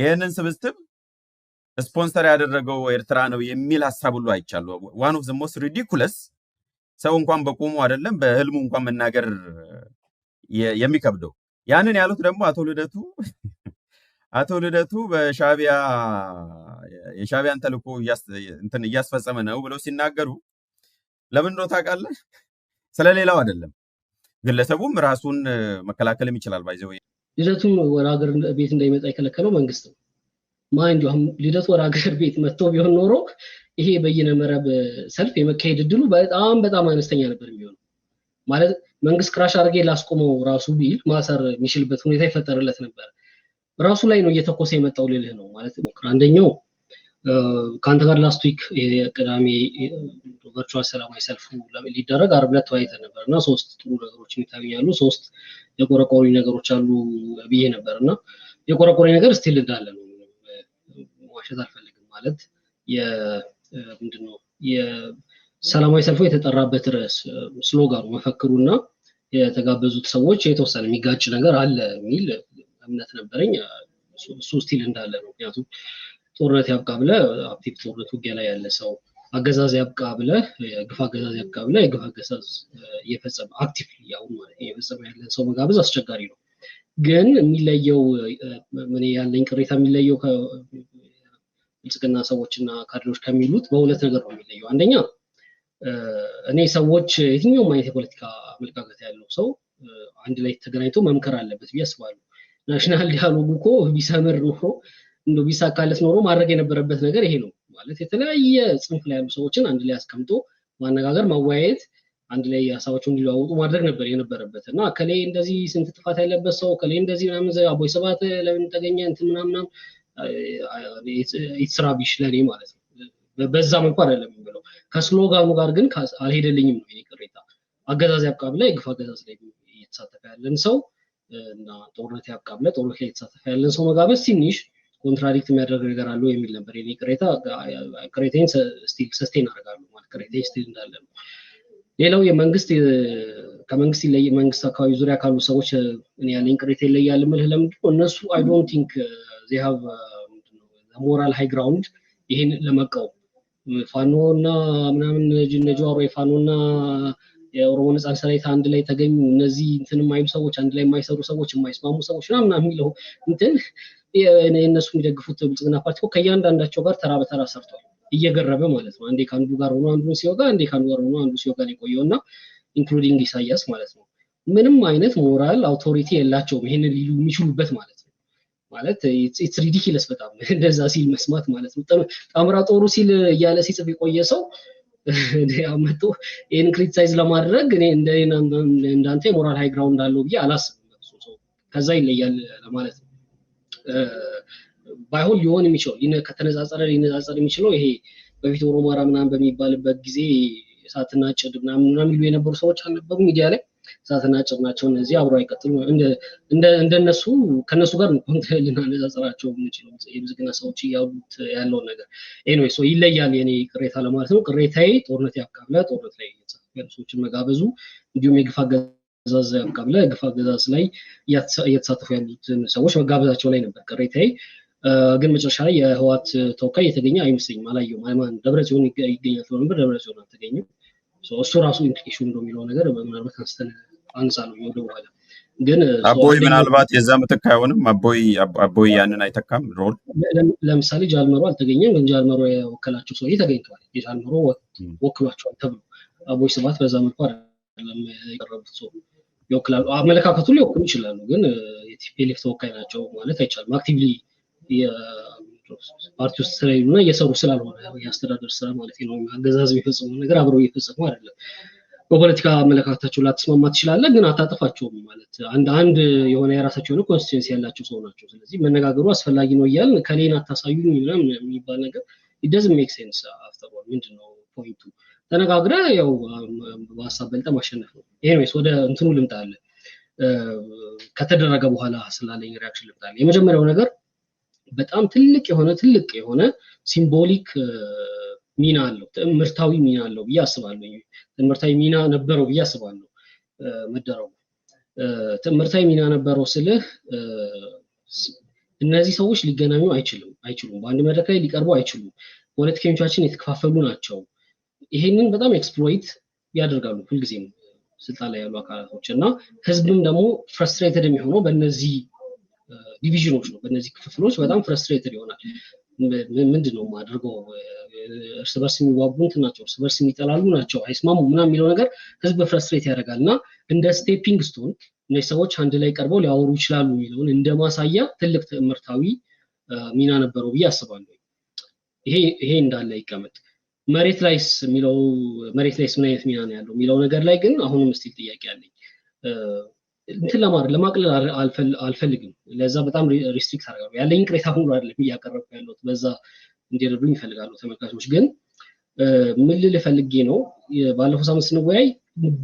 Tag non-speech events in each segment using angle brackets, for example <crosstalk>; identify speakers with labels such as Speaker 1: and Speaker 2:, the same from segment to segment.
Speaker 1: ይህንን ስብስብ ስፖንሰር ያደረገው ኤርትራ ነው የሚል ሀሳብ ሁሉ አይቻሉ። ዋን ኦፍ ዘ ሞስት ሪዲኩለስ ሰው እንኳን በቆሙ አይደለም በህልሙ እንኳን መናገር የሚከብደው። ያንን ያሉት ደግሞ አቶ ልደቱ <laughs> አቶ ልደቱ በሻቢያ የሻቢያን ተልእኮ እያስፈጸመ ነው ብለው ሲናገሩ ለምን ነው ታውቃለህ? ስለሌላው አይደለም። ግለሰቡም ራሱን መከላከልም ይችላል ባይዘው
Speaker 2: ልደቱን ወደ ሀገር ቤት እንዳይመጣ የከለከለው መንግስት ነው። ማይንድ ዩ ልደቱ ወደ ሀገር ቤት መጥቶ ቢሆን ኖሮ ይሄ በይነ መረብ ሰልፍ የመካሄድ እድሉ በጣም በጣም አነስተኛ ነበር የሚሆነው። ማለት መንግስት ክራሽ አድርጌ ላስቆመው ራሱ ቢል ማሰር የሚችልበት ሁኔታ ይፈጠርለት ነበር። ራሱ ላይ ነው እየተኮሰ የመጣው ልልህ ነው ማለት ሞክር። አንደኛው ከአንተ ጋር ላስት ዊክ ቅዳሜ ቨርቹዋል ሰላማዊ ሰልፉ ሊደረግ አርብ ዕለት ተወያይተን ነበር እና ሶስት ጥሩ ነገሮች ይታገኛሉ ሶስት የቆረቆሩኝ ነገሮች አሉ ብዬ ነበር እና የቆረቆረኝ ነገር ስቲል እንዳለ ነው። ዋሸት አልፈልግም ማለት ምንድን ነው የሰላማዊ ሰልፎ የተጠራበት ርዕስ ስሎጋኑ፣ መፈክሩ እና የተጋበዙት ሰዎች የተወሰነ የሚጋጭ ነገር አለ የሚል እምነት ነበረኝ። እሱ ስቲል እንዳለ ነው። ምክንያቱም ጦርነት ያብቃ ብለ አክቲቭ ጦርነት ውጊያ ላይ ያለ ሰው አገዛዝ ያብቃ ብለ የግፍ አገዛዝ ያብቃ ብለ የግፍ አገዛዝ እየፈጸመ አክቲቭ ያው ማለት እየፈጸመ ያለን ሰው መጋበዝ አስቸጋሪ ነው። ግን የሚለየው ምን ያለኝ ቅሬታ የሚለየው ብልጽግና ሰዎች ሰዎችና ካድሬዎች ከሚሉት በሁለት ነገር ነው የሚለየው። አንደኛ እኔ ሰዎች የትኛውም አይነት የፖለቲካ አመለካከት ያለው ሰው አንድ ላይ ተገናኝቶ መምከር አለበት ብዬ አስባለሁ። ናሽናል ዲያሎጉ እኮ ቢሰምር ኖሮ እንደ ቢሳካለት ኖሮ ማድረግ የነበረበት ነገር ይሄ ነው። ማለት የተለያየ ጽንፍ ላይ ያሉ ሰዎችን አንድ ላይ አስቀምጦ ማነጋገር፣ ማወያየት አንድ ላይ ሀሳባቸውን እንዲለዋወጡ ማድረግ ነበር የነበረበት እና ከላይ እንደዚህ ስንት ጥፋት ያለበት ሰው ከላይ እንደዚህ ምናምን ዘ አቦይ ሰባት ለምን ተገኘ እንት ምናምናም ኢትስራቢሽ ለእኔ ማለት ነው። በዛ መልኩ አይደለም ብለው ከስሎጋኑ ጋር ግን አልሄደልኝም ነው ቅሬታ። አገዛዝ ያብቃብ ላይ ግፍ አገዛዝ ላይ እየተሳተፈ ያለን ሰው እና ጦርነት ያብቃብ ላይ ጦርነት ላይ እየተሳተፈ ያለን ሰው መጋበዝ ትንሽ ኮንትራዲክት የሚያደርግ ነገር አለው የሚል ነበር የኔ ቅሬታ። ቅሬታዬን ሰስቴን አደርጋለሁ ማለት ቅሬታዬ ስቲል እንዳለ ነው። ሌላው የመንግስት ከመንግስት ይለይ መንግስት አካባቢ ዙሪያ ካሉ ሰዎች እኔ ያለኝ ቅሬታ ይለያል ምልህ ለምድ እነሱ አይ ዶንት ቲንክ ዜ ሃቭ ሞራል ሃይ ግራውንድ ይሄን ለመቀው ፋኖ እና ምናምን ነጅዋሮ የፋኖ እና የኦሮሞ ነጻነት ሰራዊት አንድ ላይ ተገኙ እነዚህ እንትን የማይም ሰዎች አንድ ላይ የማይሰሩ ሰዎች የማይስማሙ ሰዎች ምናምን የሚለው እንትን የእነሱ የሚደግፉት ብልጽግና ፓርቲ ከእያንዳንዳቸው ጋር ተራ በተራ ሰርቷል። እየገረበ ማለት ነው። አንዴ ከአንዱ ጋር ሆኖ አንዱን ሲወጋ፣ አንዴ ከአንዱ ጋር ሆኖ አንዱ ሲወጋ ሊቆየው እና ኢንክሉዲንግ ኢሳያስ ማለት ነው። ምንም አይነት ሞራል አውቶሪቲ የላቸውም ይሄንን ሊሉ የሚችሉበት ማለት ነው። ማለት ኢትስ ሪዲኪለስ በጣም <laughs> እንደዛ ሲል መስማት ማለት ነው። ጣምራ ጦሩ ሲል እያለ ሲጽፍ የቆየ ሰው መጥቶ ይህን ክሪቲሳይዝ ለማድረግ እኔ እንዳንተ የሞራል ሃይግራውንድ አለው ብዬ አላስብም። ከዛ ይለያል ለማለት ነው። ባይሆን ሊሆን የሚችለው ከተነጻጸረ ሊነጻጸር የሚችለው ይሄ በፊት ኦሮማራ ምናምን በሚባልበት ጊዜ እሳትና ጭድ ምናምን ይሉ የነበሩ ሰዎች አልነበሩ ሚዲያ ላይ እሳትና ጭድ ናቸው። እነዚህ አብሮ አይቀጥሉ እንደነሱ ከነሱ ጋር ልናነጻጽራቸው የምንችለው የብዝግና ሰዎች እያሉት ያለውን ነገር ኤኒዌይ ሶ ይለያል የኔ ቅሬታ ለማለት ነው። ቅሬታዬ ጦርነት ያካብላል ጦርነት ላይ ሰዎችን መጋበዙ እንዲሁም የግፍ አገ አገዛዝ ቀብለ ላይ ግፍ አገዛዝ ላይ እየተሳተፉ ያሉትን ሰዎች መጋበዛቸው ላይ ነበር ቅሬታዬ። ግን መጨረሻ ላይ የህዋት ተወካይ የተገኘ አይመስለኝም፣ አላየሁም። ማን ደብረ ይገኛል ተብሎ ነበር፣ ደብረ ጽዮን አልተገኘም። እሱ ራሱ ኢምፕሊኬሽን ነው የሚለው ነገር ምናልባት አንስተን አንሳ ነው ወደ በኋላ
Speaker 1: ግን አቦይ ምናልባት የዛ ምትክ አይሆንም። አቦይ አቦይ ያንን አይተካም። ሮል
Speaker 2: ለምሳሌ ጃልመሮ አልተገኘም፣ ግን ጃልመሮ የወከላቸው ሰውዬ ተገኝተዋል። የጃልመሮ ወክሏቸዋል ተብሎ አቦይ ስብሐት በዛ መልኩ አ የቀረቡት ሰው ይወክላሉ አመለካከቱ ሊወክሉ ይችላሉ፣ ግን የቲፒኤልኤፍ ተወካይ ናቸው ማለት አይቻልም። አክቲቭሊ ፓርቲ ውስጥ ስለሌሉና እየሰሩ ስላልሆነ የአስተዳደር ስራ ማለት ነው አገዛዝ የሚፈጽሙ ነገር አብረው እየፈጸሙ አይደለም። በፖለቲካ አመለካከታቸው ላትስማማ ትችላለ፣ ግን አታጠፋቸውም ማለት አንድ አንድ የሆነ የራሳቸው የሆነ ኮንስቲቱንሲ ያላቸው ሰው ናቸው። ስለዚህ መነጋገሩ አስፈላጊ ነው እያል ከሌን አታሳዩኝ ምናምን የሚባል ነገር ኢት ዶዝንት ሜክ ሴንስ አፍተር ኦል ምንድን ነው ፖይንቱ ተነጋግረ ያው በሀሳብ በልጠ ማሸነፍ ነው። ነው ወደ እንትኑ ልምጣለ ከተደረገ በኋላ ስላለኝ ሪያክሽን ልምጣለ። የመጀመሪያው ነገር በጣም ትልቅ የሆነ ትልቅ የሆነ ሲምቦሊክ ሚና አለው፣ ትምህርታዊ ሚና አለው ብዬ አስባለሁ። ትምህርታዊ ሚና ነበረው ብዬ አስባለሁ መደረጉ። ትምህርታዊ ሚና ነበረው ስልህ እነዚህ ሰዎች ሊገናኙ አይችልም አይችሉም፣ በአንድ መድረክ ላይ ሊቀርቡ አይችሉም። ፖለቲከኞቻችን የተከፋፈሉ ናቸው። ይሄንን በጣም ኤክስፕሎይት ያደርጋሉ ሁልጊዜም ስልጣን ላይ ያሉ አካላቶች እና ህዝብም ደግሞ ፍረስትሬትድ የሚሆነው በነዚህ ዲቪዥኖች uh, ነው። በነዚህ ክፍፍሎች በጣም ፍረስትሬትድ ይሆናል። ምንድ ነው ማድርገው? እርስ በርስ የሚዋጉ እንትን ናቸው፣ እርስ በርስ የሚጠላሉ ናቸው፣ አይስማሙ ምና የሚለው ነገር ህዝብ ፍረስትሬት ያደርጋል እና እንደ ስቴፒንግ ስቶን እነዚህ ሰዎች አንድ ላይ ቀርበው ሊያወሩ ይችላሉ የሚለውን እንደ ማሳያ ትልቅ ትምህርታዊ ሚና ነበረው ብዬ አስባለሁ። ይሄ እንዳለ ይቀመጥ። መሬት ላይስ የሚለው መሬት ላይስ ምን አይነት ሚና ነው ያለው የሚለው ነገር ላይ ግን አሁንም ስቲል ጥያቄ አለኝ። እንትን ለማድረግ ለማቅለል አልፈልግም። ለዛ በጣም ሪስትሪክት አርጋሉ ያለኝ ቅሬታ ሁሉ አይደለም እያቀረብኩ ያለት በዛ እንዲረዱኝ ይፈልጋሉ ተመልካቾች። ግን ምን ልል ነው ባለፈው ሳምንት ስንወያይ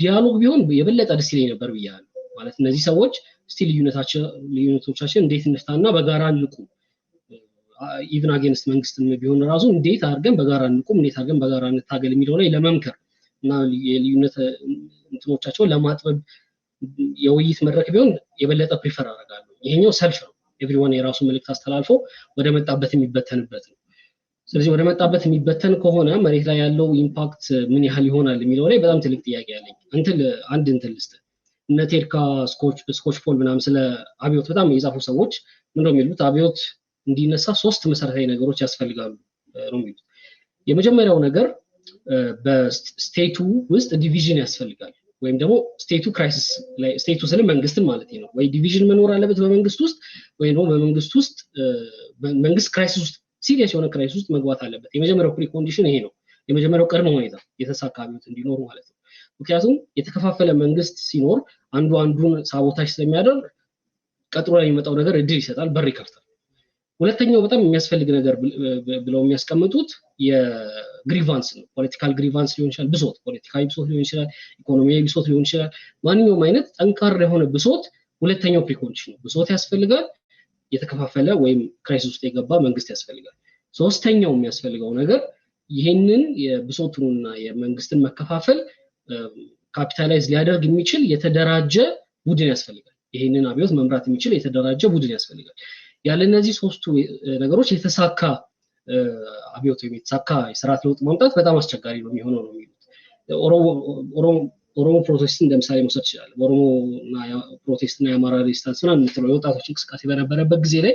Speaker 2: ዲያሎግ ቢሆን የበለጠ ደስ ይለኝ ነበር ብያለ ማለት እነዚህ ሰዎች እስቲ ልዩነቶቻችን እንዴት እንፍታና በጋራ እንቁም ኢቭን አጌንስት መንግስትም ቢሆን ራሱ እንዴት አድርገን በጋራ እንቁም፣ እንዴት አድርገን በጋራ እንታገል የሚለው ላይ ለመምከር እና የልዩነት እንትኖቻቸው ለማጥበብ የውይይት መድረክ ቢሆን የበለጠ ፕሪፈር አደርጋለሁ። ይሄኛው ሰልፍ ነው። ኤቭሪዋን የራሱ መልእክት አስተላልፎ ወደ መጣበት የሚበተንበት ነው። ስለዚህ ወደ መጣበት የሚበተን ከሆነ መሬት ላይ ያለው ኢምፓክት ምን ያህል ይሆናል የሚለው ላይ በጣም ትልቅ ጥያቄ አለኝ እንትል አንድ እንትል ልስጥ እነ ቴድካ ስኮች ፖል ምናምን ስለ አብዮት በጣም የጻፉ ሰዎች ምንደ የሚሉት አብዮት እንዲነሳ ሶስት መሰረታዊ ነገሮች ያስፈልጋሉ ነው የሚሉት። የመጀመሪያው ነገር በስቴቱ ውስጥ ዲቪዥን ያስፈልጋል ወይም ደግሞ ስቴቱ ክራይሲስ ላይ ስቴቱ ስለ መንግስትን ማለት ነው ወይ ዲቪዥን መኖር አለበት በመንግስት ውስጥ ወይ ደግሞ በመንግስት ውስጥ መንግስት ክራይሲስ ውስጥ ሲሪየስ የሆነ ክራይሲስ ውስጥ መግባት አለበት። የመጀመሪያው ፕሪ ኮንዲሽን ይሄ ነው። የመጀመሪያው ቅድመ ሁኔታ የተሳካ ህይወት እንዲኖር ማለት ነው። ምክንያቱም የተከፋፈለ መንግስት ሲኖር አንዱ አንዱን ሳቦታጅ ስለሚያደርግ ቀጥሎ ላይ የሚመጣው ነገር እድል ይሰጣል፣ በር ይከፍታል። ሁለተኛው በጣም የሚያስፈልግ ነገር ብለው የሚያስቀምጡት የግሪቫንስ ነው። ፖለቲካል ግሪቫንስ ሊሆን ይችላል፣ ብሶት፣ ፖለቲካዊ ብሶት ሊሆን ይችላል፣ ኢኮኖሚያዊ ብሶት ሊሆን ይችላል። ማንኛውም አይነት ጠንካራ የሆነ ብሶት ሁለተኛው ፕሪኮንዲሽን ነው። ብሶት ያስፈልጋል። የተከፋፈለ ወይም ክራይስ ውስጥ የገባ መንግስት ያስፈልጋል። ሶስተኛው የሚያስፈልገው ነገር ይህንን የብሶቱንና የመንግስትን መከፋፈል ካፒታላይዝ ሊያደርግ የሚችል የተደራጀ ቡድን ያስፈልጋል። ይህንን አብዮት መምራት የሚችል የተደራጀ ቡድን ያስፈልጋል። ያለ እነዚህ ሶስቱ ነገሮች የተሳካ አብዮት ወይም የተሳካ የስርዓት ለውጥ መምጣት በጣም አስቸጋሪ ነው የሚሆነው ነው የሚሉት። ኦሮሞ ፕሮቴስትን ለምሳሌ መውሰድ ይችላል። ኦሮሞ ፕሮቴስትና የአማራ ሬስታንስ ና የምትለው የወጣቶች እንቅስቃሴ በነበረበት ጊዜ ላይ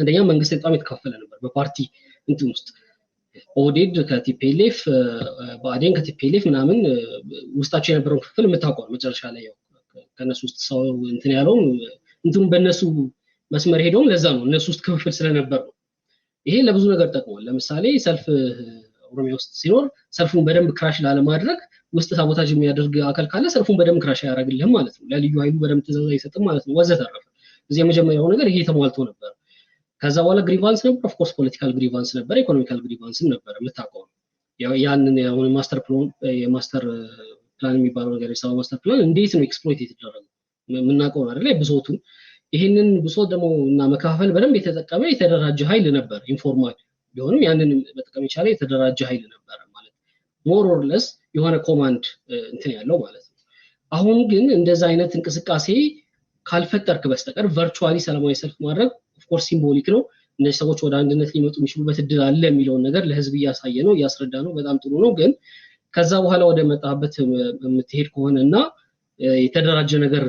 Speaker 2: አንደኛ መንግስት በጣም የተካፈለ ነበር በፓርቲ እንትን ውስጥ ኦዴድ ከቲፔሌፍ በአዴን ከቲፔሌፍ ምናምን ውስጣቸው የነበረውን ክፍል የምታውቀው መጨረሻ ላይ ከእነሱ ውስጥ ሰው እንትን ያለውን እንትኑ በእነሱ መስመር ሄደውም ለዛ ነው እነሱ ውስጥ ክፍፍል ስለነበር ነው። ይሄ ለብዙ ነገር ጠቅሟል። ለምሳሌ ሰልፍ ኦሮሚያ ውስጥ ሲኖር ሰልፉን በደንብ ክራሽ ላለማድረግ ውስጥ ሳቦታጅ የሚያደርግ አካል ካለ ሰልፉን በደንብ ክራሽ አያደርግልህም ማለት ነው። ለልዩ ሀይሉ በደንብ ትእዛዝ አይሰጥም ማለት ነው። ወዘተረፈ እዚህ የመጀመሪያው ነገር ይሄ ተሟልቶ ነበር። ከዛ በኋላ ግሪቫንስ ነበር። ኦፍኮርስ ፖለቲካል ግሪቫንስ ነበር፣ ኢኮኖሚካል ግሪቫንስም ነበር የምታውቀው ያንን ሁን ማስተር የማስተር ፕላን የሚባለው ነገር የሰባ ማስተር ፕላን እንዴት ነው ኤክስፕሎይት የተደረገው የምናቀው አደላይ ብዙቱን ይህንን ብሶት ደግሞ እና መከፋፈል በደንብ የተጠቀመ የተደራጀ ኃይል ነበር። ኢንፎርማል ቢሆንም ያንን መጠቀም የቻለ የተደራጀ ኃይል ነበር ማለት ሞር ኦር ለስ የሆነ ኮማንድ እንትን ያለው ማለት ነው። አሁን ግን እንደዛ አይነት እንቅስቃሴ ካልፈጠርክ በስተቀር ቨርቹዋሊ ሰላማዊ ሰልፍ ማድረግ ኦፍኮርስ ሲምቦሊክ ነው። እነዚህ ሰዎች ወደ አንድነት ሊመጡ የሚችሉበት እድል አለ የሚለውን ነገር ለህዝብ እያሳየ ነው እያስረዳ ነው። በጣም ጥሩ ነው። ግን ከዛ በኋላ ወደ መጣበት የምትሄድ ከሆነ እና የተደራጀ ነገር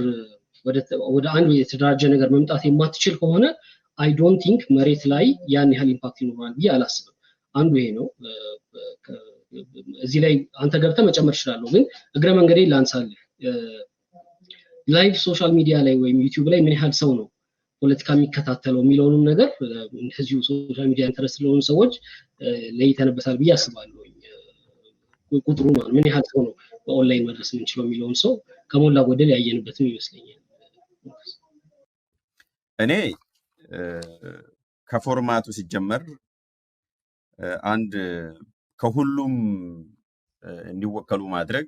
Speaker 2: ወደ አንድ የተደራጀ ነገር መምጣት የማትችል ከሆነ አይ ዶንት ቲንክ መሬት ላይ ያን ያህል ኢምፓክት ይኖራል ብዬ አላስብም። አንዱ ይሄ ነው። እዚህ ላይ አንተ ገብተ መጨመር እችላለሁ፣ ግን እግረ መንገዴ ላንሳልህ። ላይቭ ሶሻል ሚዲያ ላይ ወይም ዩቲዩብ ላይ ምን ያህል ሰው ነው ፖለቲካ የሚከታተለው የሚለውንም ነገር እንደዚሁ ሶሻል ሚዲያ ኢንተረስት ለሆኑ ሰዎች ለይተንበታል ብዬ አስባለሁ። ቁጥሩ ምን ያህል ሰው ነው በኦንላይን መድረስ የምንችለው የሚለውን ሰው ከሞላ ጎደል ያየንበትም ይመስለኛል።
Speaker 1: እኔ ከፎርማቱ ሲጀመር አንድ ከሁሉም እንዲወከሉ ማድረግ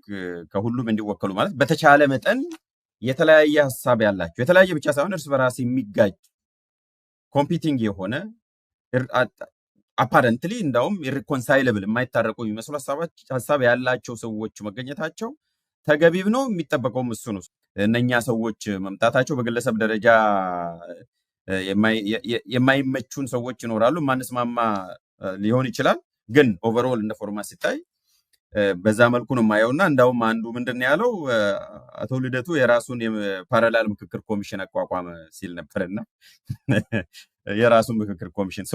Speaker 1: ከሁሉም እንዲወከሉ ማለት በተቻለ መጠን የተለያየ ሀሳብ ያላቸው የተለያየ ብቻ ሳይሆን እርስ በራስ የሚጋጭ ኮምፒቲንግ የሆነ አፓረንትሊ እንዳውም ኢሪኮንሳይለብል የማይታረቁ የሚመስሉ ሀሳብ ያላቸው ሰዎች መገኘታቸው ተገቢብ ነው የሚጠበቀውም እሱ ነው። እነኛ ሰዎች መምጣታቸው በግለሰብ ደረጃ የማይመቹን ሰዎች ይኖራሉ። ማንስማማ ሊሆን ይችላል። ግን ኦቨርኦል እንደ ፎርማት ሲታይ በዛ መልኩ ነው የማየው እና እንዳውም አንዱ ምንድን ነው ያለው አቶ ልደቱ የራሱን የፓራላል ምክክር ኮሚሽን አቋቋመ ሲል ነበርና የራሱን ምክክር ኮሚሽን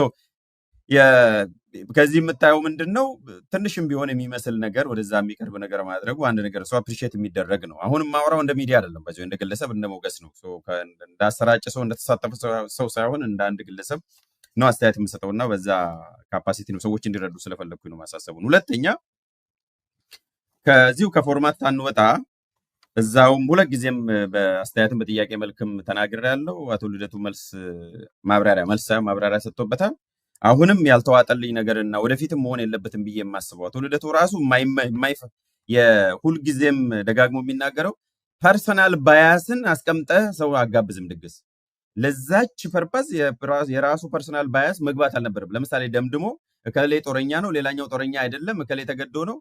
Speaker 1: ከዚህ የምታየው ምንድን ነው? ትንሽም ቢሆን የሚመስል ነገር ወደዛ የሚቀርብ ነገር ማድረጉ አንድ ነገር ሰው አፕሪሼት የሚደረግ ነው። አሁንም ማውራው እንደ ሚዲያ አይደለም፣ በዚ እንደ ግለሰብ እንደ ሞገስ ነው። እንዳሰራጭ ሰው እንደተሳተፈ ሰው ሳይሆን እንደ አንድ ግለሰብ ነው አስተያየት የምሰጠው እና በዛ ካፓሲቲ ነው ሰዎች እንዲረዱ ስለፈለግኩኝ ነው ማሳሰቡን። ሁለተኛ ከዚሁ ከፎርማት አንወጣ እዛውም ሁለት ጊዜም በአስተያየትን በጥያቄ መልክም ያለው አቶ ልደቱ መልስ ማብራሪያ መልስ ማብራሪያ ሰጥቶበታል። አሁንም ያልተዋጠልኝ ነገርና ወደፊትም መሆን የለበትም ብዬ የማስበው አቶ ልደቱ ራሱ የሁልጊዜም ደጋግሞ የሚናገረው ፐርሰናል ባያስን አስቀምጠህ ሰው አጋብዝም ድግስ። ለዛች ፐርፓዝ የራሱ ፐርሰናል ባያስ መግባት አልነበረም። ለምሳሌ ደምድሞ እከሌ ጦረኛ ነው፣ ሌላኛው ጦረኛ አይደለም፣ እከሌ ተገዶ ነው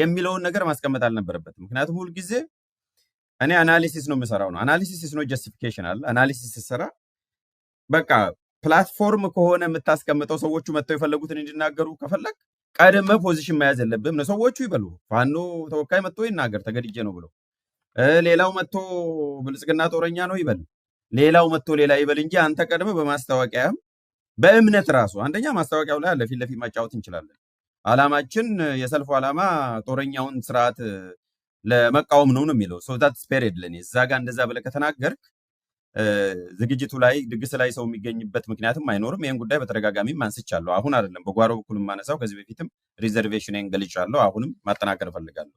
Speaker 1: የሚለውን ነገር ማስቀመጥ አልነበረበትም። ምክንያቱም ሁልጊዜ እኔ አናሊሲስ ነው የምሰራው ነው። አናሊሲስ ነው ጀስቲፊኬሽን አለ። አናሊሲስ ስሰራ በቃ ፕላትፎርም ከሆነ የምታስቀምጠው ሰዎቹ መጥተው የፈለጉትን እንዲናገሩ ከፈለግ ቀድመ ፖዚሽን መያዝ የለብም ነው። ሰዎቹ ይበሉ ፋኖ ተወካይ መጥቶ ይናገር ተገድጄ ነው ብሎ፣ ሌላው መጥቶ ብልጽግና ጦረኛ ነው ይበል፣ ሌላው መጥቶ ሌላ ይበል እንጂ አንተ ቀድመ በማስታወቂያም በእምነት ራሱ አንደኛ ማስታወቂያው ላይ ለፊት ለፊት ማጫወት እንችላለን። አላማችን የሰልፉ አላማ ጦረኛውን ስርዓት ለመቃወም ነው ነው የሚለው ሰው ስፔር የለን እዛ ጋር እንደዛ ብለህ ከተናገርክ ዝግጅቱ ላይ ድግስ ላይ ሰው የሚገኝበት ምክንያትም አይኖርም። ይህን ጉዳይ በተደጋጋሚ አንስቻለሁ። አሁን አይደለም በጓሮ በኩል የማነሳው ከዚህ በፊትም ሪዘርቬሽንን ገልጫለሁ። አሁንም ማጠናከር እፈልጋለሁ።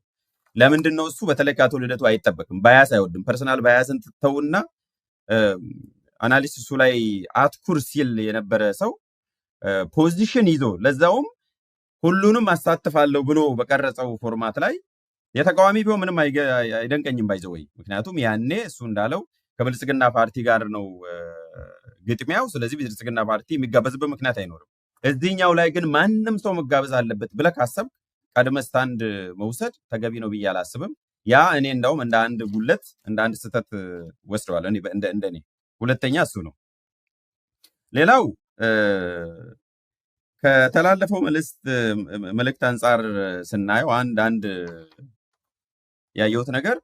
Speaker 1: ለምንድን ነው እሱ በተለይ ከአቶ ልደቱ አይጠበቅም። ባያስ አይወድም። ፐርሰናል ባያስን ትተውና አናሊስት እሱ ላይ አትኩር ሲል የነበረ ሰው ፖዚሽን ይዞ ለዛውም ሁሉንም አሳትፋለሁ ብሎ በቀረጸው ፎርማት ላይ የተቃዋሚ ቢሆን ምንም አይደንቀኝም። ባይዘወይ ምክንያቱም ያኔ እሱ እንዳለው ከብልጽግና ፓርቲ ጋር ነው ግጥሚያው። ስለዚህ ብልጽግና ፓርቲ የሚጋበዝበት ምክንያት አይኖርም። እዚህኛው ላይ ግን ማንም ሰው መጋበዝ አለበት ብለህ ካሰብክ ቀድመ ስታንድ መውሰድ ተገቢ ነው ብዬ አላስብም። ያ እኔ እንዳውም እንደ አንድ ጉለት እንደ አንድ ስህተት ወስደዋለሁ እንደ እኔ። ሁለተኛ እሱ ነው። ሌላው ከተላለፈው መልእክት አንጻር ስናየው አንድ አንድ ያየሁት ነገር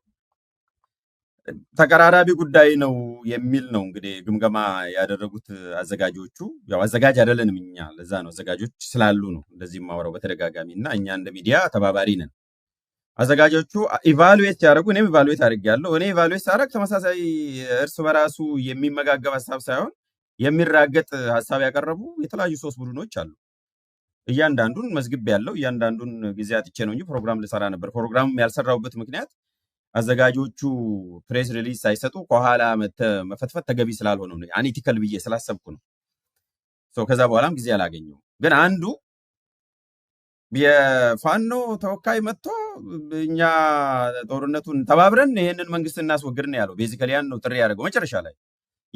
Speaker 1: ተቀራራቢ ጉዳይ ነው የሚል ነው እንግዲህ ግምገማ ያደረጉት አዘጋጆቹ። ያው አዘጋጅ አይደለንም እኛ፣ ለዛ ነው አዘጋጆች ስላሉ ነው እንደዚህ የማወራው በተደጋጋሚ እና እኛ እንደ ሚዲያ ተባባሪ ነን። አዘጋጆቹ ኢቫሉዌት ሲያደርጉ እኔም ኢቫሉዌት አድርጌያለሁ። እኔ ኢቫሉዌት ሳደርግ ተመሳሳይ እርስ በራሱ የሚመጋገብ ሀሳብ ሳይሆን የሚራገጥ ሀሳብ ያቀረቡ የተለያዩ ሶስት ቡድኖች አሉ። እያንዳንዱን መዝግብ ያለው እያንዳንዱን ጊዜ አጥቼ ነው እንጂ ፕሮግራም ልሰራ ነበር። ፕሮግራም ያልሰራሁበት ምክንያት አዘጋጆቹ ፕሬስ ሪሊዝ ሳይሰጡ ከኋላ መፈትፈት ተገቢ ስላልሆነ ነው አንኢቲካል ብዬ ስላሰብኩ ነው። ከዛ በኋላም ጊዜ አላገኘው። ግን አንዱ የፋኖ ተወካይ መጥቶ እኛ ጦርነቱን ተባብረን ይህንን መንግስት እናስወግድ ነው ያለው። ቤዚካሊ ያን ነው ጥሪ ያደርገው። መጨረሻ ላይ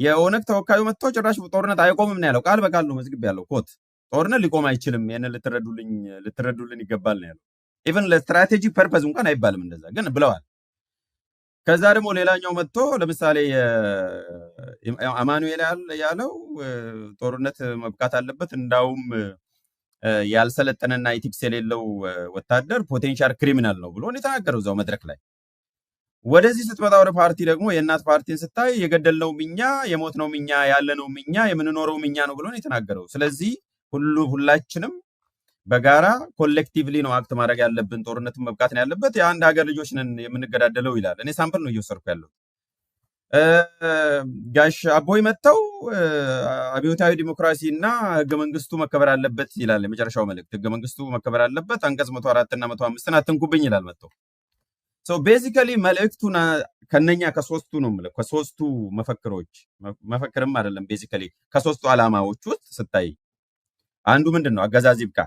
Speaker 1: የኦነግ ተወካዩ መጥቶ ጭራሽ ጦርነት አይቆምም ነው ያለው። ቃል በቃል ነው መዝግብ ያለው ኮት ጦርነት ሊቆም አይችልም፣ ይህንን ልትረዱልን ይገባል ነው ያለው። ኢቨን ለስትራቴጂ ፐርፐዝ እንኳን አይባልም እንደዛ ግን ብለዋል። ከዛ ደግሞ ሌላኛው መጥቶ ለምሳሌ አማኑኤል ያለው ጦርነት መብቃት አለበት እንዳውም ያልሰለጠነና ኢቲክስ የሌለው ወታደር ፖቴንሻል ክሪሚናል ነው ብሎ የተናገረው እዛው መድረክ ላይ። ወደዚህ ስትመጣ ወደ ፓርቲ ደግሞ የእናት ፓርቲን ስታይ የገደልነው የሞት የሞትነው ምኛ ያለነው እኛ፣ የምንኖረው ምኛ ነው ብሎ የተናገረው። ስለዚህ ሁሉ ሁላችንም በጋራ ኮሌክቲቭሊ ነው አክት ማድረግ ያለብን። ጦርነትን መብቃት ያለበት። የአንድ ሀገር ልጆች ነን የምንገዳደለው ይላል። እኔ ሳምፕል ነው እየወሰድኩ ያለው። ጋሽ አቦይ መጥተው አብዮታዊ ዲሞክራሲ እና ህገ መንግስቱ መከበር አለበት ይላል። የመጨረሻው መልእክት ህገ መንግስቱ መከበር አለበት፣ አንቀጽ መቶ አራት እና መቶ አምስትን አትንኩብኝ ይላል። መጥተው ቤዚካሊ መልእክቱን ከነኛ ከሶስቱ ነው የምልህ ከሶስቱ መፈክሮች መፈክርም አይደለም ቤዚካሊ ከሶስቱ አላማዎች ውስጥ ስታይ አንዱ ምንድን ነው አገዛዝ ይብቃ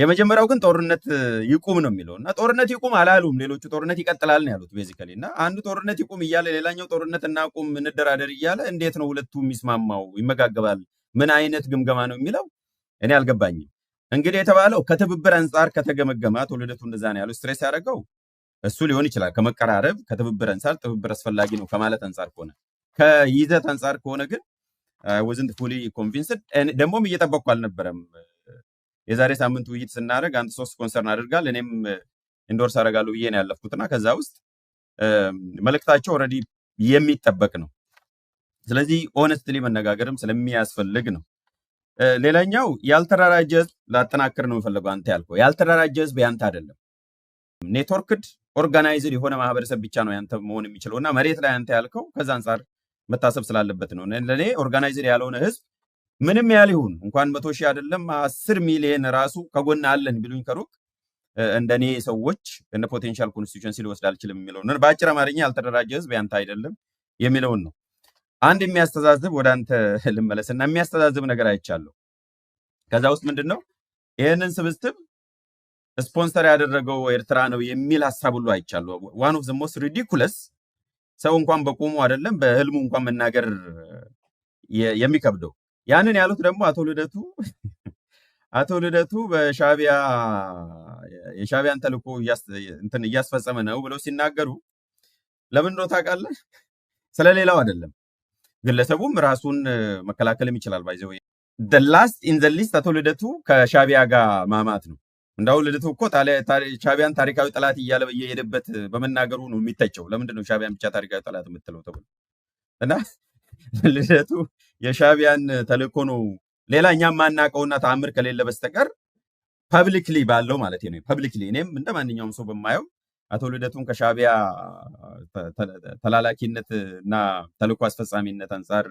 Speaker 1: የመጀመሪያው ግን ጦርነት ይቁም ነው የሚለው እና ጦርነት ይቁም አላሉም። ሌሎቹ ጦርነት ይቀጥላል ነው ያሉት ቤዚካሊ። እና አንዱ ጦርነት ይቁም እያለ ሌላኛው ጦርነት እናቁም እንደራደር እያለ እንዴት ነው ሁለቱ የሚስማማው? ይመጋገባል? ምን አይነት ግምገማ ነው የሚለው እኔ አልገባኝም። እንግዲህ የተባለው ከትብብር አንጻር ከተገመገማ ትውልደቱ እንደዛ ነው ያሉት። ስትሬስ ያደረገው እሱ ሊሆን ይችላል። ከመቀራረብ ከትብብር አንጻር ትብብር አስፈላጊ ነው ከማለት አንጻር ከሆነ ከይዘት አንጻር ከሆነ ግን ወዝንት ፉሊ ኮንቪንስድ ደግሞም እየጠበቅኩ አልነበረም። የዛሬ ሳምንት ውይይት ስናደርግ አንድ ሶስት ኮንሰርን አድርጋል። እኔም ኢንዶርስ አደርጋለሁ ብዬ ነው ያለፍኩትና ከዛ ውስጥ መልእክታቸው ኦልሬዲ የሚጠበቅ ነው። ስለዚህ ኦነስትሊ መነጋገርም ስለሚያስፈልግ ነው። ሌላኛው ያልተደራጀ ህዝብ ላጠናክር ነው የምፈልገው። አንተ ያልከው ያልተደራጀ ህዝብ ያንተ አይደለም። ኔትወርክድ ኦርጋናይዝድ የሆነ ማህበረሰብ ብቻ ነው ያንተ መሆን የሚችለው እና መሬት ላይ አንተ ያልከው ከዛ አንጻር መታሰብ ስላለበት ነው። ለእኔ ኦርጋናይዝድ ያልሆነ ህዝብ ምንም ያህል ይሁን እንኳን መቶ ሺህ አይደለም አስር ሚሊየን ራሱ ከጎን አለን ቢሉኝ ከሩቅ እንደኔ ሰዎች እንደ ፖቴንሻል ኮንስቲቱሽን ሊወስድ አልችልም የሚለውን በአጭር አማርኛ ያልተደራጀ ህዝብ ያንተ አይደለም የሚለውን ነው። አንድ የሚያስተዛዝብ ወደ አንተ ልመለስና የሚያስተዛዝብ ነገር አይቻለሁ። ከዛ ውስጥ ምንድን ነው ይህንን ስብስብ ስፖንሰር ያደረገው ኤርትራ ነው የሚል ሀሳብ ሁሉ አይቻሉ። ዋን ኦፍ ዘ ሞስት ሪዲኩለስ ሰው እንኳን በቆሙ አይደለም በህልሙ እንኳን መናገር የሚከብደው ያንን ያሉት ደግሞ አቶ ልደቱ <laughs> አቶ ልደቱ በሻቢያ የሻቢያን ተልእኮ እያስፈጸመ ነው ብለው ሲናገሩ ለምን ነው ታውቃለህ? ስለሌላው አይደለም። ግለሰቡም ራሱን መከላከልም ይችላል። ባይዘው ላስት ኢን ዘ ሊስት አቶ ልደቱ ከሻቢያ ጋር ማማት ነው። እንዳው ልደቱ እኮ ሻቢያን ታሪካዊ ጠላት እያለ የሄደበት በመናገሩ ነው የሚተቸው። ለምንድነው ሻቢያን ብቻ ታሪካዊ ጠላት የምትለው ተብሎ እና <laughs> ልደቱ የሻቢያን ተልእኮ ነው። ሌላ እኛም ማናቀውና ተአምር ከሌለ በስተቀር ፐብሊክሊ ባለው ማለት ነው። ፐብሊክሊ እኔም እንደ ማንኛውም ሰው በማየው አቶ ልደቱን ከሻቢያ ተላላኪነት እና ተልእኮ አስፈጻሚነት አንጻር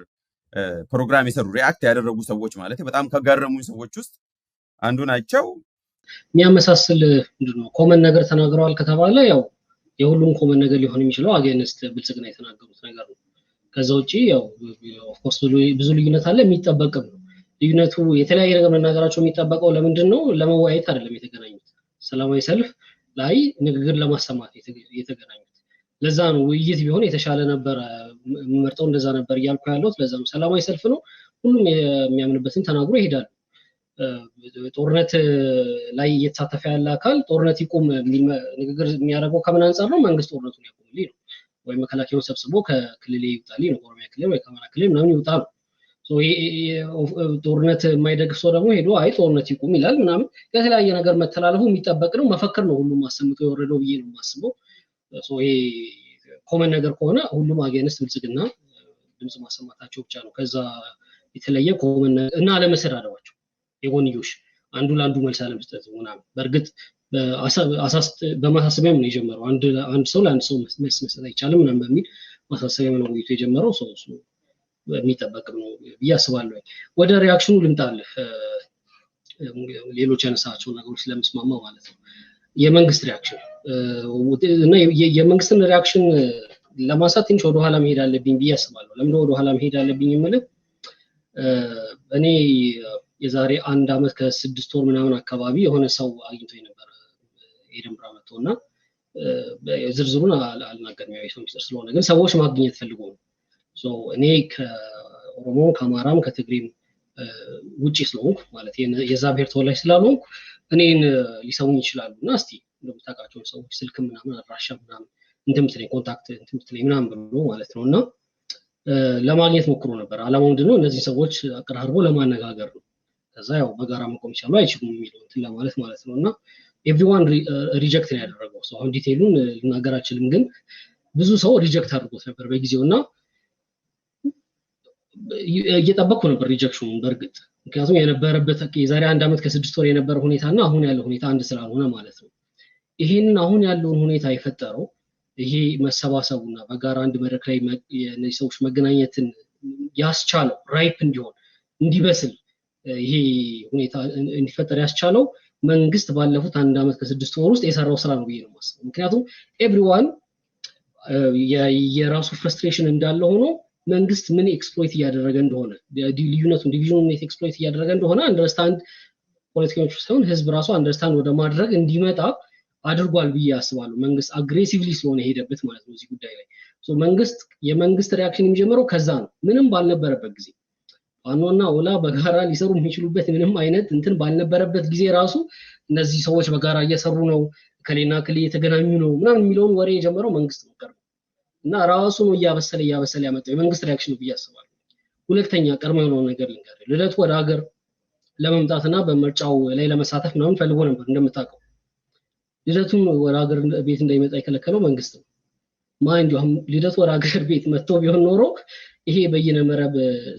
Speaker 1: ፕሮግራም የሰሩ ሪአክት ያደረጉ ሰዎች ማለት በጣም ከጋረሙኝ ሰዎች ውስጥ አንዱ ናቸው።
Speaker 2: የሚያመሳስል ምንድነው ኮመን ነገር ተናግረዋል ከተባለ ያው የሁሉም ኮመን ነገር ሊሆን የሚችለው አጌንስት ብልጽግና የተናገሩት ነገር ነው። ከዛ ውጭ ያው ኦፍኮርስ ብዙ ልዩነት አለ፣ የሚጠበቅም ነው። ልዩነቱ የተለያየ ነገር መናገራቸው የሚጠበቀው ለምንድን ነው? ለመወያየት አይደለም የተገናኙት። ሰላማዊ ሰልፍ ላይ ንግግር ለማሰማት የተገናኙት። ለዛ ነው ውይይት ቢሆን የተሻለ ነበረ፣ መርጠው እንደዛ ነበር እያልኩ ያለሁት ለዛ ነው። ሰላማዊ ሰልፍ ነው፣ ሁሉም የሚያምንበትን ተናግሮ ይሄዳሉ። ጦርነት ላይ እየተሳተፈ ያለ አካል ጦርነት ይቁም ንግግር የሚያደርገው ከምን አንጻር ነው? መንግስት ጦርነቱን ያቁምልኝ ነው ወይም መከላከያውን ሰብስቦ ከክልል ይውጣል ነው፣ ከኦሮሚያ ክልል ወይ ከአማራ ክልል ምናምን ይውጣ ነው። ጦርነት የማይደግፍ ሰው ደግሞ ሄዶ አይ ጦርነት ይቁም ይላል ምናምን። የተለያየ ነገር መተላለፉ የሚጠበቅ ነው። መፈክር ነው ሁሉም አሰምቶ የወረደው ብዬ ነው የማስበው። ይሄ ኮመን ነገር ከሆነ ሁሉም አጌንስት ብልጽግና ድምፅ ማሰማታቸው ብቻ ነው። ከዛ የተለየ ኮመን እና አለመሰዳደባቸው የጎንዮሽ አንዱ ለአንዱ መልስ አለመስጠት ምናምን። በእርግጥ በማሳሰቢያም ነው የጀመረው። አንድ ሰው ለአንድ ሰው መስ መስጠት አይቻልም ምናም በሚል ማሳሰቢያም ነው ውይይቱ የጀመረው። ሰው እሱ የሚጠበቅም ነው ብዬ አስባለሁ። ወደ ሪያክሽኑ ልምጣልህ። ሌሎች ያነሳቸው ነገሮች ስለምስማማ ማለት ነው የመንግስት ሪያክሽን እና የመንግስትን ሪያክሽን ለማንሳት ትንሽ ወደኋላ መሄድ አለብኝ ብዬ አስባለሁ። ለምንድን ወደኋላ መሄድ አለብኝ የምልህ እኔ የዛሬ አንድ አመት ከስድስት ወር ምናምን አካባቢ የሆነ ሰው አግኝቶ ነበር። ኤድንብራ መጥቶ እና ዝርዝሩን አልናገርም፣ የሰው ሚስጥር ስለሆነ ግን ሰዎች ማግኘት ፈልጎ ነው። እኔ ከኦሮሞ ከአማራም ከትግሪም ውጭ ስለሆንኩ ማለት የዛ ብሔር ተወላጅ ስላልሆንኩ እኔን ሊሰውኝ ይችላሉ እና እስቲ እንደምታውቃቸውን ሰዎች ስልክ ምናምን አድራሻ ምናምን እንትምትለኝ ኮንታክት እንትምትለኝ ምናምን ብሎ ማለት ነው እና ለማግኘት ሞክሮ ነበር። አላማው ምንድን ነው? እነዚህ ሰዎች አቀራርቦ ለማነጋገር ነው። ከዛ ያው በጋራ መቆም ይቻሉ አይችሉም የሚለው እንትን ለማለት ማለት ነው እና ኤቭሪዋን ሪጀክት uh, ነው ያደረገው ሰው። አሁን ዲቴይሉን uh, ልናገር አችልም ግን ብዙ ሰው ሪጀክት አድርጎት ነበር በጊዜው እና uh, እየጠበቅኩ ነበር ሪጀክሽኑን በእርግጥ ምክንያቱም የነበረበት የዛሬ አንድ ዓመት ከስድስት ወር የነበረ ሁኔታ እና አሁን ያለው ሁኔታ አንድ ስላልሆነ ማለት ነው። ይሄንን አሁን ያለውን ሁኔታ የፈጠረው ይሄ መሰባሰቡና በጋራ አንድ መድረክ ላይ እነዚህ ሰዎች መገናኘትን ያስቻለው ራይፕ እንዲሆን እንዲበስል ይሄ ሁኔታ እንዲፈጠር ያስቻለው መንግስት ባለፉት አንድ ዓመት ከስድስት ወር ውስጥ የሰራው ስራ ነው ብዬ ነው የማስበው። ምክንያቱም ኤቭሪዋን የራሱ ፍረስትሬሽን እንዳለ ሆኖ መንግስት ምን ኤክስፕሎይት እያደረገ እንደሆነ ልዩነቱን ዲቪዥኑን ኤክስፕሎይት እያደረገ እንደሆነ አንደርስታንድ ፖለቲከኞች ሳይሆን ህዝብ ራሱ አንደርስታንድ ወደ ማድረግ እንዲመጣ አድርጓል ብዬ አስባለሁ። መንግስት አግሬሲቭሊ ስለሆነ የሄደበት ማለት ነው እዚህ ጉዳይ ላይ መንግስት የመንግስት ሪያክሽን የሚጀምረው ከዛ ነው ምንም ባልነበረበት ጊዜ ፋኖና ኦላ በጋራ ሊሰሩ የሚችሉበት ምንም አይነት እንትን ባልነበረበት ጊዜ ራሱ እነዚህ ሰዎች በጋራ እየሰሩ ነው፣ ከሌና ከሌ የተገናኙ ነው ምናምን የሚለውን ወሬ የጀመረው መንግስት ነበር እና ራሱ ነው እያበሰለ እያበሰለ ያመጣው የመንግስት ሪያክሽን ነው ብዬ አስባለሁ። ሁለተኛ ቀድሞ የሆነው ነገር ልንገር፣ ልደቱ ወደ ሀገር ለመምጣትና በምርጫው ላይ ለመሳተፍ ምናምን ፈልጎ ነበር እንደምታውቀው። ልደቱን ወደ ሀገር ቤት እንዳይመጣ የከለከለው መንግስት ነው። ማን ልደቱ ወደ ሀገር ቤት መጥቶ ቢሆን ኖሮ ይሄ የበይነ መረብ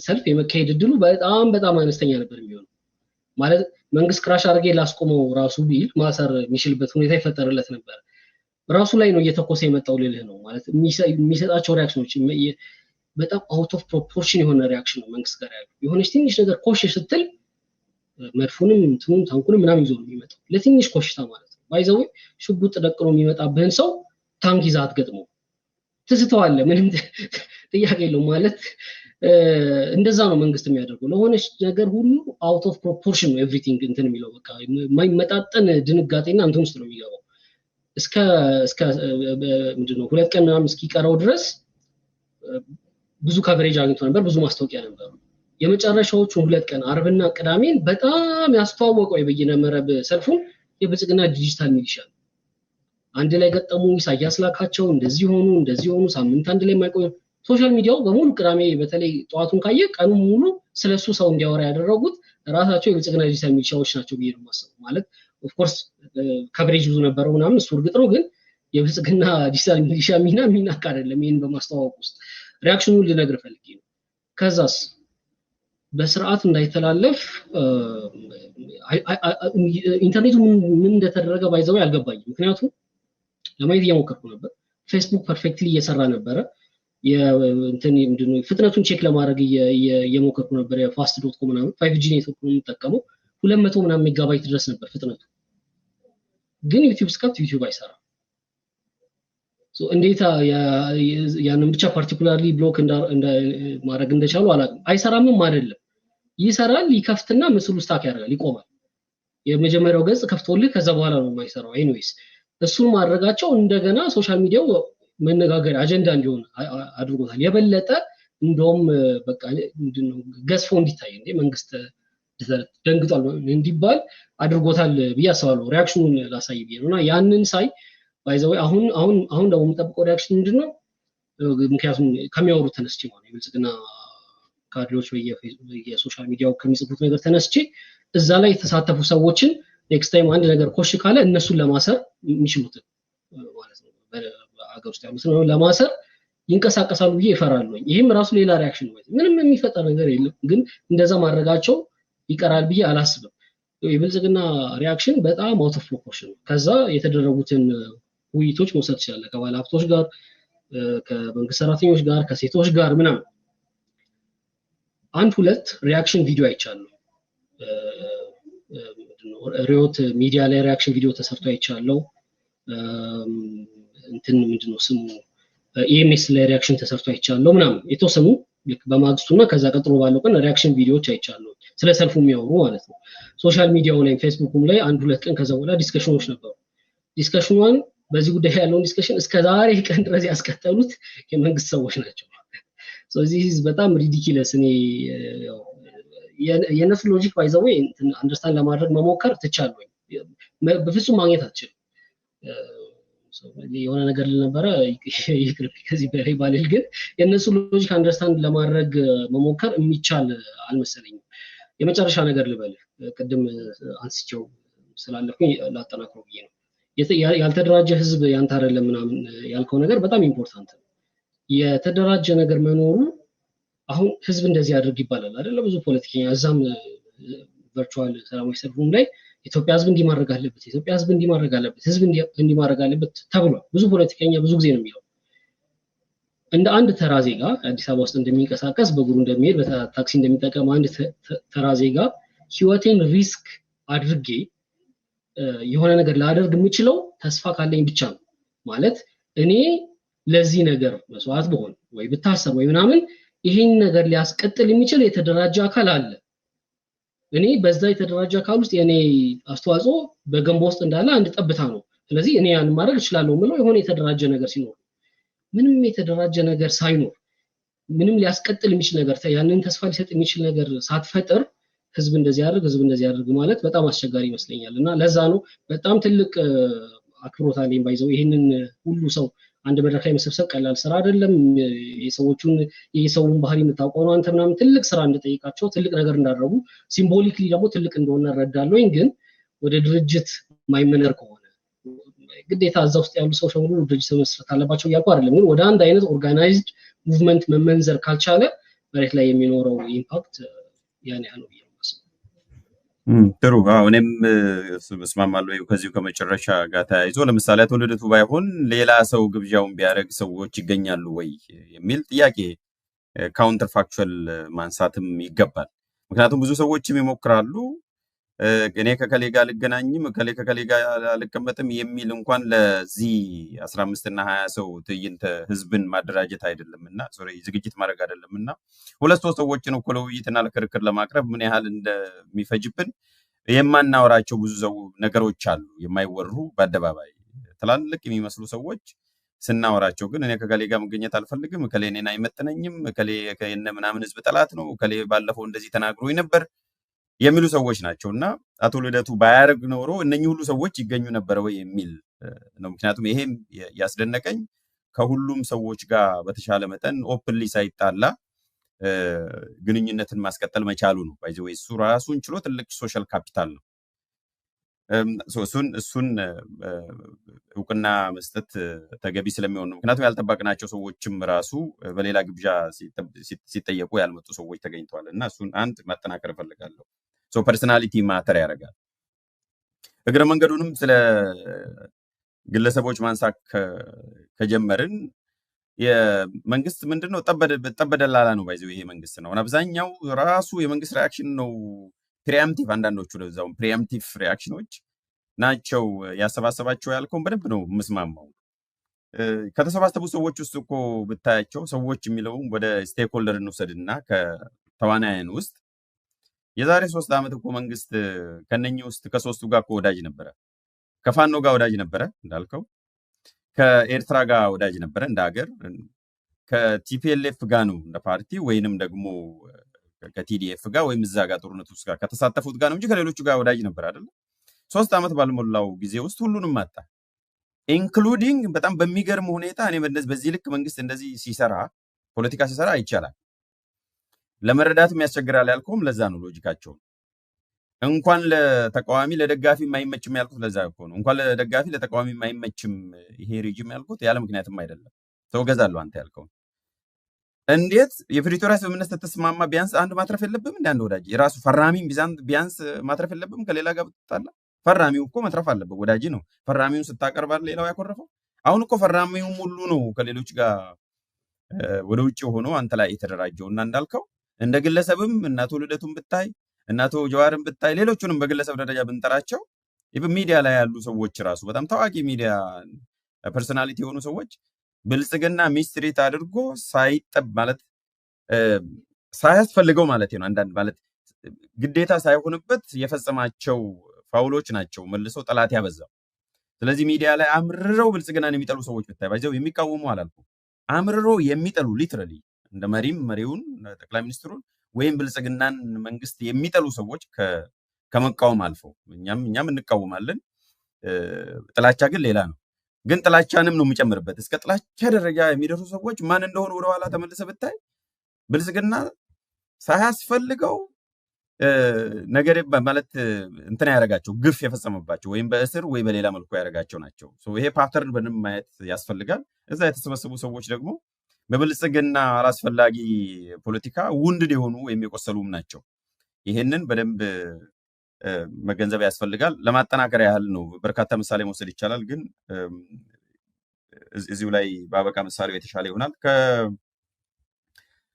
Speaker 2: ሰልፍ የመካሄድ እድሉ በጣም በጣም አነስተኛ ነበር የሚሆነው። ማለት መንግስት ክራሽ አድርጌ ላስቆመው ራሱ ቢል ማሰር የሚችልበት ሁኔታ ይፈጠርለት ነበር። ራሱ ላይ ነው እየተኮሰ የመጣው ልልህ ነው። ማለት የሚሰጣቸው ሪያክሽኖች በጣም አውት ኦፍ ፕሮፖርሽን የሆነ ሪያክሽን ነው መንግስት ጋር ያሉ የሆነች ትንሽ ነገር ኮሽ ስትል መድፉንም እንትኑም ታንኩንም ምናምን ይዞ ነው የሚመጣው ለትንሽ ኮሽታ ማለት ነው። ባይዘዊ ሽጉጥ ደቅኖ የሚመጣብህን ሰው ታንክ ይዛ አትገጥመው፣ ትስተዋለ ምንም ጥያቄ የለው ማለት እንደዛ ነው መንግስት የሚያደርገው ለሆነች ነገር ሁሉ አውት ኦፍ ፕሮፖርሽን ነው ኤቭሪቲንግ እንትን የሚለው በቃ የማይመጣጠን ድንጋጤና እንትን ውስጥ ነው የሚገባው እስከ እስከ ምንድነው ሁለት ቀን ምናምን እስኪቀረው ድረስ ብዙ ካቨሬጅ አግኝቶ ነበር ብዙ ማስታወቂያ ነበሩ የመጨረሻዎቹን ሁለት ቀን አርብና ቅዳሜን በጣም ያስተዋወቀው የበይነ መረብ ሰልፉን የብልጽግና ዲጂታል ሚሊሻ አንድ ላይ ገጠሙ ኢሳያስ ላካቸው እንደዚህ ሆኑ እንደዚህ ሆኑ ሳምንት አንድ ላይ የማይቆዩ ሶሻል ሚዲያው በሙሉ ቅዳሜ በተለይ ጠዋቱን ካየ ቀኑ ሙሉ ስለሱ ሰው እንዲያወራ ያደረጉት ራሳቸው የብልጽግና ዲጂታል ሚዲያዎች ናቸው ብዬ ነው ማለት ኦፍኮርስ ከብሬጅ ብዙ ነበረው ምናምን እሱ እርግጥ ነው፣ ግን የብልጽግና ዲጂታል ሚዲያ ሚና የሚናቅ አደለም ይህን በማስተዋወቅ ውስጥ ሪያክሽኑ ልነግር ፈልጌ ነው። ከዛስ በስርዓት እንዳይተላለፍ ኢንተርኔቱ ምን እንደተደረገ ባይዘው አልገባኝም። ምክንያቱም ለማየት እየሞከርኩ ነበር። ፌስቡክ ፐርፌክትሊ እየሰራ ነበረ ፍጥነቱን ቼክ ለማድረግ እየሞከርኩ ነበር። የፋስት ዶት ኮም ምናምን ፋይቭ ጂ ኔትወርክ ነው የምጠቀመው። ሁለት መቶ ምናምን ሜጋባይት ድረስ ነበር ፍጥነቱ። ግን ዩቲዩብ ስከፍት ዩቲዩብ አይሰራም። እንዴታ ያንን ብቻ ፓርቲኩላርሊ ብሎክ ማድረግ እንደቻሉ አላቅም አይሰራምም አይደለም ይሰራል። ይከፍትና ምስሉ ስታክ ያደርጋል፣ ይቆማል። የመጀመሪያው ገጽ ከፍቶልህ ከዛ በኋላ ነው የማይሰራው። ኤኒዌይስ እሱን ማድረጋቸው እንደገና ሶሻል ሚዲያው መነጋገር አጀንዳ እንዲሆን አድርጎታል። የበለጠ እንደውም በቃ ገዝፎ እንዲታይ እንደ መንግስት ደንግጧል እንዲባል አድርጎታል ብዬ አስባለሁ። ሪያክሽኑን ላሳይ ብዬ ነው እና ያንን ሳይ ባይዘወይ አሁን አሁን አሁን ደግሞ የምጠብቀው ሪያክሽን ምንድን ነው? ምክንያቱም ከሚያወሩት ተነስቼ ማለት የብልጽግና ካድሬዎች የሶሻል ሚዲያው ከሚጽፉት ነገር ተነስቼ እዛ ላይ የተሳተፉ ሰዎችን ኔክስት ታይም አንድ ነገር ኮሽ ካለ እነሱን ለማሰር የሚችሉትን ማለት ነው ሀገር ውስጥ ያሉ ስለሆነ ለማሰር ይንቀሳቀሳሉ ብዬ ይፈራሉ ይህም ራሱ ሌላ ሪያክሽን ነው። ምንም የሚፈጠር ነገር የለም፣ ግን እንደዛ ማድረጋቸው ይቀራል ብዬ አላስብም። የብልጽግና ሪያክሽን በጣም አውት ኦፍ ፕሮፖርሽን ነው። ከዛ የተደረጉትን ውይይቶች መውሰድ ይችላለ። ከባለ ሀብቶች ጋር፣ ከመንግስት ሰራተኞች ጋር፣ ከሴቶች ጋር ምናምን አንድ ሁለት ሪያክሽን ቪዲዮ አይቻለሁ። ሪዮት ሚዲያ ላይ ሪያክሽን ቪዲዮ ተሰርቶ አይቻለው። እንትን ምንድነው ስሙ ኢኤምኤስ ላይ ሪያክሽን ተሰርቶ አይቻለሁ ምናምን የተወሰኑ ልክ በማግስቱና ከዛ ቀጥሎ ባለው ቀን ሪያክሽን ቪዲዮዎች አይቻለሁ ስለ ሰልፉ የሚያወሩ ማለት ነው። ሶሻል ሚዲያው ላይ ፌስቡክም ላይ አንድ ሁለት ቀን ከዛ በኋላ ዲስከሽኖች ነበሩ። ዲስከሽኗን በዚህ ጉዳይ ያለውን ዲስከሽን እስከ ዛሬ ቀን ድረስ ያስቀጠሉት የመንግስት ሰዎች ናቸው። ስለዚህ በጣም ሪዲኪለስ እኔ የነሱ ሎጂክ ባይዘወይ አንደርስታንድ ለማድረግ መሞከር ትቻለኝ። በፍጹም ማግኘት አትችልም። የሆነ ነገር ልነበረ ከዚህ በላይ ባልል፣ ግን የእነሱ ሎጂክ አንደርስታንድ ለማድረግ መሞከር የሚቻል አልመሰለኝም። የመጨረሻ ነገር ልበል፣ ቅድም አንስቸው ስላለፍኩኝ ላጠናክረው ብዬ ነው። ያልተደራጀ ህዝብ ያንተ አይደለም ምናምን ያልከው ነገር በጣም ኢምፖርታንት ነው። የተደራጀ ነገር መኖሩ አሁን ህዝብ እንደዚህ አድርግ ይባላል አደለ ብዙ ፖለቲከኛ እዛም ቨርቹዋል ሰላማዊ ሰልፉም ላይ ኢትዮጵያ ህዝብ እንዲማድረግ አለበት፣ ኢትዮጵያ ህዝብ እንዲማድረግ አለበት፣ ህዝብ እንዲማድረግ አለበት ተብሏል። ብዙ ፖለቲከኛ ብዙ ጊዜ ነው የሚለው። እንደ አንድ ተራ ዜጋ አዲስ አበባ ውስጥ እንደሚንቀሳቀስ በእግሩ እንደሚሄድ በታክሲ እንደሚጠቀም አንድ ተራ ዜጋ ህይወቴን ሪስክ አድርጌ የሆነ ነገር ላደርግ የምችለው ተስፋ ካለኝ ብቻ ነው። ማለት እኔ ለዚህ ነገር መስዋዕት በሆን ወይ ብታሰብ ወይ ምናምን ይህን ነገር ሊያስቀጥል የሚችል የተደራጀ አካል አለ እኔ በዛ የተደራጀ አካል ውስጥ የእኔ አስተዋጽኦ በገንቦ ውስጥ እንዳለ አንድ ጠብታ ነው። ስለዚህ እኔ ያን ማድረግ እችላለሁ ምለው የሆነ የተደራጀ ነገር ሲኖር፣ ምንም የተደራጀ ነገር ሳይኖር ምንም ሊያስቀጥል የሚችል ነገር ያንን ተስፋ ሊሰጥ የሚችል ነገር ሳትፈጥር ህዝብ እንደዚህ ያደርግ ህዝብ እንደዚህ ያደርግ ማለት በጣም አስቸጋሪ ይመስለኛል። እና ለዛ ነው በጣም ትልቅ አክብሮት አለኝ ባይዘው ይህንን ሁሉ ሰው አንድ መድረክ ላይ መሰብሰብ ቀላል ስራ አይደለም። የሰዎቹን የሰውን ባህሪ የምታውቀው ነው አንተ ምናምን ትልቅ ስራ እንደጠይቃቸው ትልቅ ነገር እንዳደረጉ ሲምቦሊክሊ ደግሞ ትልቅ እንደሆነ እረዳለሁኝ። ግን ወደ ድርጅት ማይመነር ከሆነ ግዴታ እዛ ውስጥ ያሉ ሰዎች በሙሉ ድርጅት መስረት አለባቸው እያልኩ አይደለም። ግን ወደ አንድ አይነት ኦርጋናይዝድ ሙቭመንት መመንዘር ካልቻለ መሬት ላይ የሚኖረው ኢምፓክት ያን ያህል ነው። ጥሩ እኔም እስማማለሁ ከዚሁ ከመጨረሻ ጋር ተያይዞ ለምሳሌ አቶ ልደቱ ባይሆን ሌላ ሰው ግብዣውን ቢያደርግ ሰዎች ይገኛሉ ወይ የሚል ጥያቄ ካውንተር ፋክቹዋል ማንሳትም ይገባል ምክንያቱም ብዙ ሰዎችም ይሞክራሉ እኔ ከከሌ ጋር አልገናኝም ከሌ ከከሌ ጋር አልቀመጥም የሚል እንኳን ለዚህ አስራ ሀያ ሰው ትዕይንተ ህዝብን ማደራጀት አይደለም እና ሶሪ ዝግጅት ማድረግ አይደለም እና ሁለት ሶስት ሰዎችን እኮ ለውይይትና ለክርክር ለማቅረብ ምን ያህል እንደሚፈጅብን የማናወራቸው ብዙ ሰው ነገሮች አሉ የማይወሩ በአደባባይ ትላልቅ የሚመስሉ ሰዎች ስናወራቸው ግን እኔ ከከሌ ጋር መገኘት አልፈልግም ከሌ እኔን አይመጥነኝም ከሌ ከነ ምናምን ህዝብ ጠላት ነው ከሌ ባለፈው እንደዚህ ተናግሮኝ ነበር የሚሉ ሰዎች ናቸው እና አቶ ልደቱ ባያደርግ ኖሮ እነኚህ ሁሉ ሰዎች ይገኙ ነበረ ወይ የሚል ነው። ምክንያቱም ይሄም ያስደነቀኝ ከሁሉም ሰዎች ጋር በተሻለ መጠን ኦፕንሊ ሳይጣላ ግንኙነትን ማስቀጠል መቻሉ ነው። ባይ ወይ እሱ ራሱን ችሎ ትልቅ ሶሻል ካፒታል ነው። እሱን እሱን እውቅና መስጠት ተገቢ ስለሚሆን ነው። ምክንያቱም ያልጠበቅናቸው ሰዎችም ራሱ በሌላ ግብዣ ሲጠየቁ ያልመጡ ሰዎች ተገኝተዋል እና እሱን አንድ ማጠናከር እፈልጋለሁ። ፐርሰናሊቲ ማተር ያደርጋል። እግረ መንገዱንም ስለ ግለሰቦች ማንሳት ከጀመርን የመንግስት ምንድነው ጠበደላላ ነው ባይዘው ይሄ መንግስት ነው። አብዛኛው ራሱ የመንግስት ሪያክሽን ነው። ፕሪምቲቭ አንዳንዶቹ ለዛው ፕሪምቲቭ ሪያክሽኖች ናቸው ያሰባሰባቸው ያልከውን በደንብ ነው የምስማማው። ከተሰባሰቡ ሰዎች ውስጥ እኮ ብታያቸው ሰዎች የሚለውም ወደ ስቴክሆልደር እንውሰድና ከተዋናያን ውስጥ የዛሬ ሶስት ዓመት እኮ መንግስት ከነኚህ ውስጥ ከሶስቱ ጋር እኮ ወዳጅ ነበረ። ከፋኖ ጋር ወዳጅ ነበረ እንዳልከው፣ ከኤርትራ ጋር ወዳጅ ነበረ እንደ ሀገር፣ ከቲፒኤልኤፍ ጋር ነው እንደ ፓርቲ ወይንም ደግሞ ከቲዲኤፍ ጋር ወይም እዛ ጋር ጦርነት ውስጥ ጋር ከተሳተፉት ጋር ነው እንጂ ከሌሎቹ ጋር ወዳጅ ነበር አይደለም። ሶስት ዓመት ባልሞላው ጊዜ ውስጥ ሁሉንም አጣ። ኢንክሉዲንግ በጣም በሚገርም ሁኔታ እኔ በዚህ ልክ መንግስት እንደዚህ ሲሰራ ፖለቲካ ሲሰራ ይቻላል ለመረዳትም ያስቸግራል ያልኩም ለዛ ነው። ሎጂካቸው እንኳን ለተቃዋሚ ለደጋፊ የማይመችም ያልኩት ለዛ እኮ ነው። እንኳን ለደጋፊ ለተቃዋሚ የማይመችም ይሄ ሬጅም ያልኩት ያለ ምክንያትም አይደለም። ተወገዛለሁ አንተ ያልከውን እንዴት የፕሪቶሪያ ስምምነት ስትስማማ ቢያንስ አንድ ማትረፍ የለብም? እንደ አንድ ወዳጅ የራሱ ፈራሚ ቢያንስ ማትረፍ የለብም? ከሌላ ጋር ብትጣላ ፈራሚው እኮ መትረፍ አለበት። ወዳጅ ነው። ፈራሚውን ስታቀርባል ሌላው ያኮረፈው። አሁን እኮ ፈራሚውም ሁሉ ነው ከሌሎች ጋር ወደ ውጭ ሆኖ አንተ ላይ የተደራጀው እና እንዳልከው እንደ ግለሰብም እና ልደቱን ብታይ እና ጀዋርን ብታይ ሌሎቹንም በግለሰብ ደረጃ ብንጠራቸው ሚዲያ ላይ ያሉ ሰዎች ራሱ በጣም ታዋቂ ሚዲያ ፐርሶናሊቲ የሆኑ ሰዎች ብልጽግና ሚስትሪት አድርጎ ሳይጠብ ማለት ሳያስፈልገው ማለት ነው አንዳንድ ማለት ግዴታ ሳይሆንበት የፈጸማቸው ፋውሎች ናቸው መልሶ ጠላት ያበዛው። ስለዚህ ሚዲያ ላይ አምርረው ብልጽግናን የሚጠሉ ሰዎች ብታይ ባይዘው የሚቃወሙ አላልኩ፣ አምርሮ የሚጠሉ ሊትራሊ እንደ መሪም መሪውን ጠቅላይ ሚኒስትሩን ወይም ብልጽግናን መንግስት የሚጠሉ ሰዎች ከመቃወም አልፈው እኛም እኛም እንቃወማለን። ጥላቻ ግን ሌላ ነው። ግን ጥላቻንም ነው የሚጨምርበት። እስከ ጥላቻ ደረጃ የሚደርሱ ሰዎች ማን እንደሆኑ ወደኋላ ተመልሰ ብታይ ብልጽግና ሳያስፈልገው ነገር ማለት እንትን ያደረጋቸው ግፍ የፈጸመባቸው ወይም በእስር ወይ በሌላ መልኩ ያደረጋቸው ናቸው። ይሄ ፓተርን በንም ማየት ያስፈልጋል። እዛ የተሰበሰቡ ሰዎች ደግሞ በብልጽግና አላስፈላጊ ፖለቲካ ውንድድ የሆኑ ወይም የቆሰሉም ናቸው። ይህንን በደንብ መገንዘብ ያስፈልጋል። ለማጠናከር ያህል ነው። በርካታ ምሳሌ መውሰድ ይቻላል፣ ግን እዚሁ ላይ በአበቃ ምሳሌው የተሻለ ይሆናል።